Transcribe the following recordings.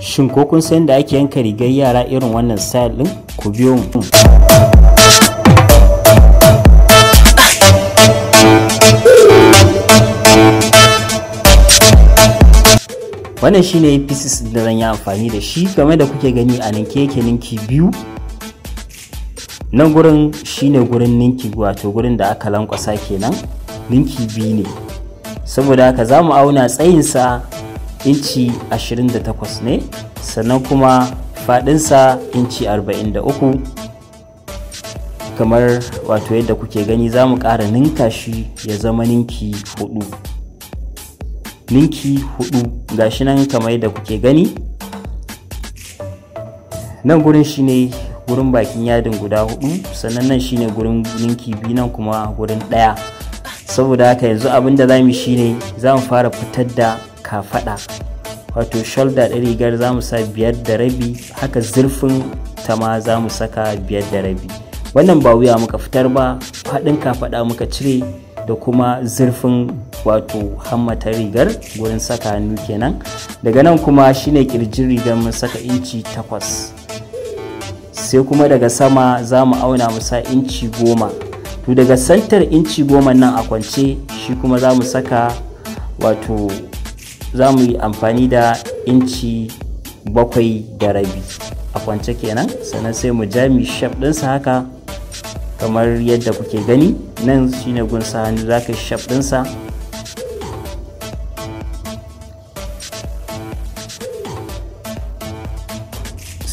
Shin ko kun san da ake yanka rigar yara irin wannan style ɗin? Ku biyo mu. Wannan shine pieces da zan yi amfani da shi game da kuke gani a nan keke ninki biyu. Nan gurin shine gurin ninki wato gurin da aka lankwasa kenan ninki biyu ne. Saboda haka za mu auna tsayinsa inci 28 ne sannan kuma fadinsa inci 43 kamar wato yadda kuke gani za mu ƙara ninka shi ya zama ninki 4 ninki 4 gashi nan kamar yadda kuke gani nan gurin shi ne gurin bakin yadin guda 4 sannan nan shi ne gurin ninki biyu nan kuma gurin daya saboda haka yanzu abinda za mu shi ne za mu fara fitar da kafada wato shoulder da rigar za mu sa biyar da rabi haka zurfin ta ma za mu saka biyar da rabi wannan ba wuya muka fitar ba faɗin kafaɗa muka cire da kuma zurfin wato hammata rigar gurin saka hannu kenan daga nan kuma shine kirjin rigar mun saka inci takwas sai kuma daga sama za mu auna musa inci goma to daga santar inci goma nan a kwance shi kuma za mu saka wato za mu yi amfani da inci bakwai da rabi a kwance kenan sannan sai mu jami shaf ɗinsa haka kamar yadda kuke gani nan shine gunsa hannu za ka shaf ɗinsa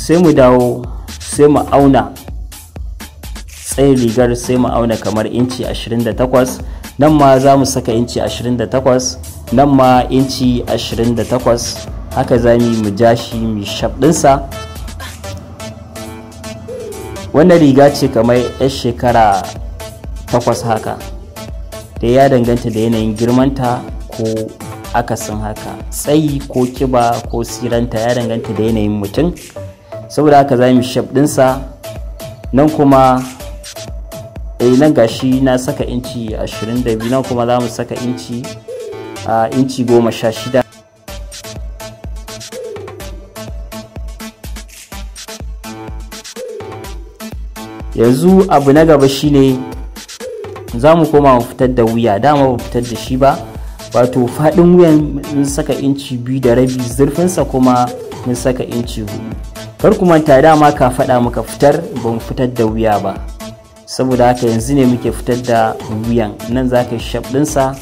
sai mu dawo sai mu auna tsayin rigar sai mu auna kamar inci 28 nan ma za mu saka inci 28 nan ma inci 28 haka za mu ja shi mu shabdinsa wannan riga ce kamar 'yar shekara 8 haka da ya danganta da yanayin girmanta ko akasin haka tsayi ko kiba ko siranta ya danganta da yanayin mutum saboda haka za mu shabdinsa nan kuma eh nan gashi na saka inci 22 nan kuma za mu saka inci a inci goma sha shida yanzu abu na gaba shine za mu koma mu fitar da wuya dama ba fitar da shi ba wato faɗin wuyan mun saka inci biyu da rabi zurfinsa kuma mun saka inci hudu kar ku manta dama ka faɗa muka fitar ba mu fitar da wuya ba saboda haka yanzu ne muke fitar da wuyan nan za ka yi shaf ɗinsa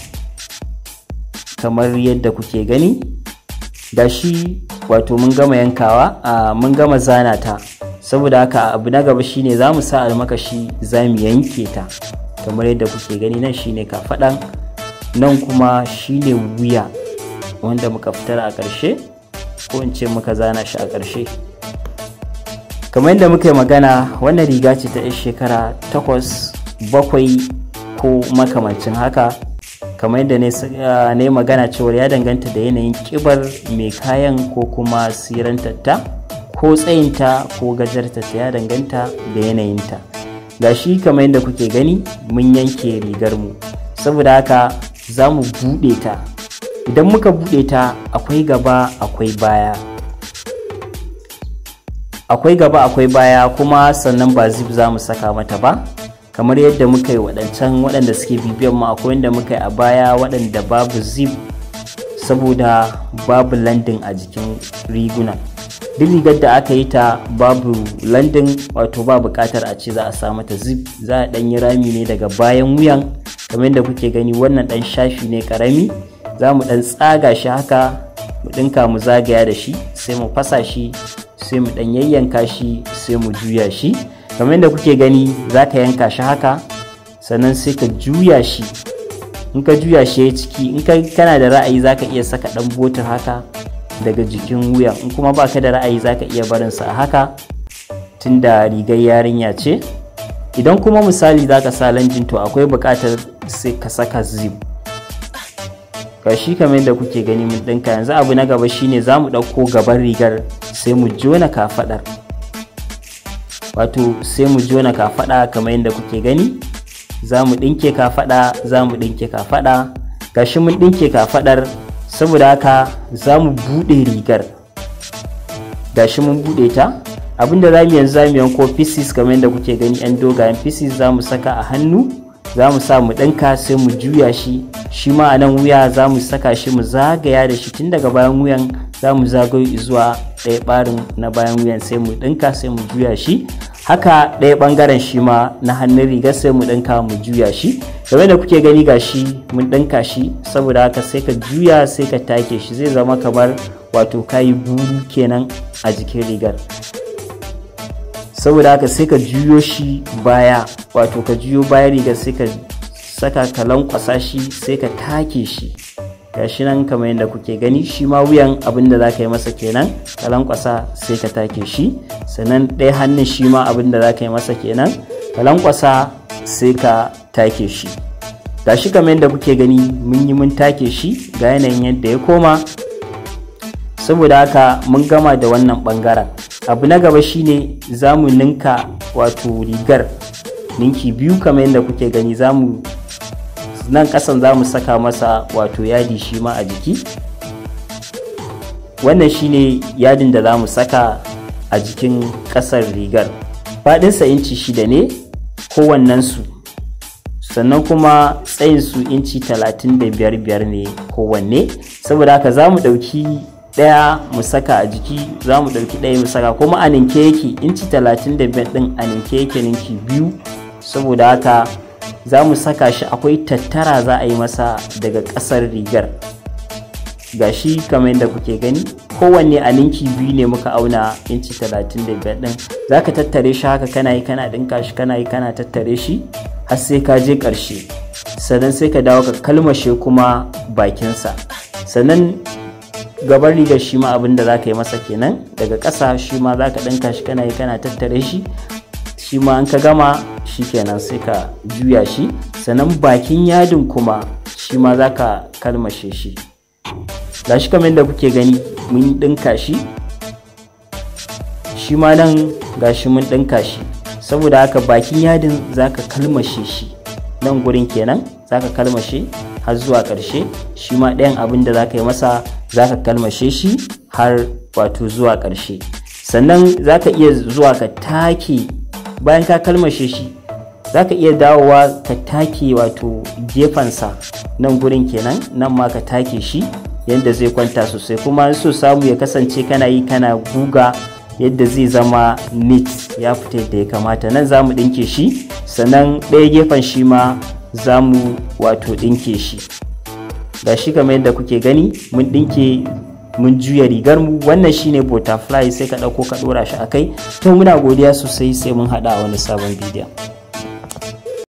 kamar yadda kuke gani da shi wato mun gama yankawa a mun gama zana ta saboda haka abu na gaba shine za mu sa almakashi za mu yanke ta kamar yadda kuke gani nan shine kafaɗan nan kuma shine wuya wanda muka fitar a ƙarshe ko in ce muka zana shi a ƙarshe kamar yadda muka yi magana wannan riga ce ta 'yar shekara takwas bakwai ko makamancin haka kamar yadda ne magana cewar ya danganta da yanayin kibar mai kayan ko kuma sirantarta ko tsayinta ko ta ya danganta da yanayinta ga shi kamar yadda kuke gani mun yanke rigar mu saboda haka za mu buɗe ta idan muka buɗe ta akwai gaba akwai baya akwai gaba akwai baya kuma sannan ba zip za mu saka mata ba kamar yadda muka yi waɗancan waɗanda suke bibiyan mu akwai wanda muka yi a baya waɗanda babu zip saboda babu landin a jikin riguna duk rigar da aka yi ta babu landin wato ba buƙatar a ce za a sa mata zip za a ɗanyi rami ne daga bayan wuyan kamar yadda kuke gani wannan ɗan shafi ne ƙarami za mu ɗan tsaga shi haka mu ɗinka mu zagaya da shi sai mu fasa shi sai mu ɗan yayyanka shi sai mu juya shi kamar da kuke gani za ta yanka shi haka sannan sai ka juya shi in ka juya shi ya ciki in ka kana da ra'ayi za ka iya saka ɗan botin haka daga jikin wuya in kuma ba ka da ra'ayi za ka iya barinsa a haka da rigar yarinya ce idan kuma misali za ka sa lanjin to akwai buƙatar sai ka saka zip ga shi kamar yadda kuke gani mun ɗinka yanzu abu na gaba shine za mu ɗauko gaban rigar sai mu jona kafaɗar wato sai mu jona kafaɗa kamar yadda kuke gani za mu ɗinke kafaɗa za mu ɗinke kafaɗa gashi mun ɗinke kafaɗar saboda haka za mu buɗe rigar gashi mun buɗe ta abinda za mu yanzu za mu yanko pieces kamar yadda kuke gani yan dogayen pieces za mu saka a hannu za mu sa mu ɗinka sai mu juya shi shi ma a nan wuya za mu saka shi mu zagaya da shi tun daga bayan wuyan za mu zagayo zuwa ɗaya ɓarin na bayan wuyan sai mu ɗinka sai mu juya shi haka ɗaya ɓangaren shi ma na hannun riga sai mu ɗinka mu juya shi game da kuke gani ga shi mun ɗinka shi saboda haka sai ka juya sai ka take shi zai zama kamar wato kayi buru kenan a jikin rigar saboda haka sai ka juyo shi baya wato ka juyo baya rigar sai ka saka kalan shi sai ka take shi gashi nan kamar yadda kuke gani shi ma wuyan abin za ka yi masa kenan kalankwasa lankwasa sai ka take shi sannan ɗaya hannun shi ma abin za ka yi masa kenan kalankwasa lankwasa sai ka take shi gashi kamar yadda kuke gani mun yi mun take shi ga yanayin yadda ya koma saboda haka mun gama da wannan bangaren abu na gaba shine za mu ninka wato rigar ninki biyu kamar yadda kuke gani za nan kasan za mu saka masa wato yadi shi ma a jiki wannan shine yadin da za mu saka a jikin kasar rigar faɗinsa inci shida ne su, sannan kuma tsayin su inci talatin da biyar ne kowanne saboda haka za mu ɗauki ɗaya mu saka a jiki za mu ɗauki ɗaya mu saka kuma a ninke yake inci 35 ɗin a ninke yake ninki biyu saboda haka za mu saka shi akwai tattara za a yi masa daga ƙasar rigar gashi kamar yadda kuke gani kowanne a ninki biyu ne muka auna inci 35 ɗin za ka tattare shi haka kana yi kana ɗinka shi kana yi kana tattare shi har sai ka je ƙarshe sannan sai ka dawo ka kalmashe kuma bakinsa sannan Gabar rigar shi ma abin da za ka yi masa kenan daga ƙasa shi ma za ka ɗinka shi kana yi kana tattare shi shi ma an ka gama shi kenan sai ka juya shi sannan bakin yadin kuma shi ma za ka kalmashe shi ga shi kamar yadda kuke gani mun ɗinka shi shi ma nan ga shi mun ɗinka shi saboda haka bakin yadin za ka kalmashe shi nan gurin kenan za ka kalmashe har zuwa ƙarshe shi ma ɗayan abin da za ka yi masa za ka kalmashe shi har wato zuwa ƙarshe sannan za ka iya zuwa ka take bayan ka kalmashe shi za ka iya dawowa ka take wato gefensa nan gurin kenan nan ma ka take shi yadda zai kwanta sosai kuma so samu ya kasance kana yi kana guga yadda zai zama neat ya fita da ya kamata nan za mu ɗinke shi sannan ɗaya gefen shi ma za mu wato ɗinke shi ga shi kamar yadda kuke gani mun ɗinke mun juya rigar mu wannan shine butterfly sai ka ɗauko ka ɗora shi a kai to muna godiya sosai sai mun haɗa wani sabon bidiyo.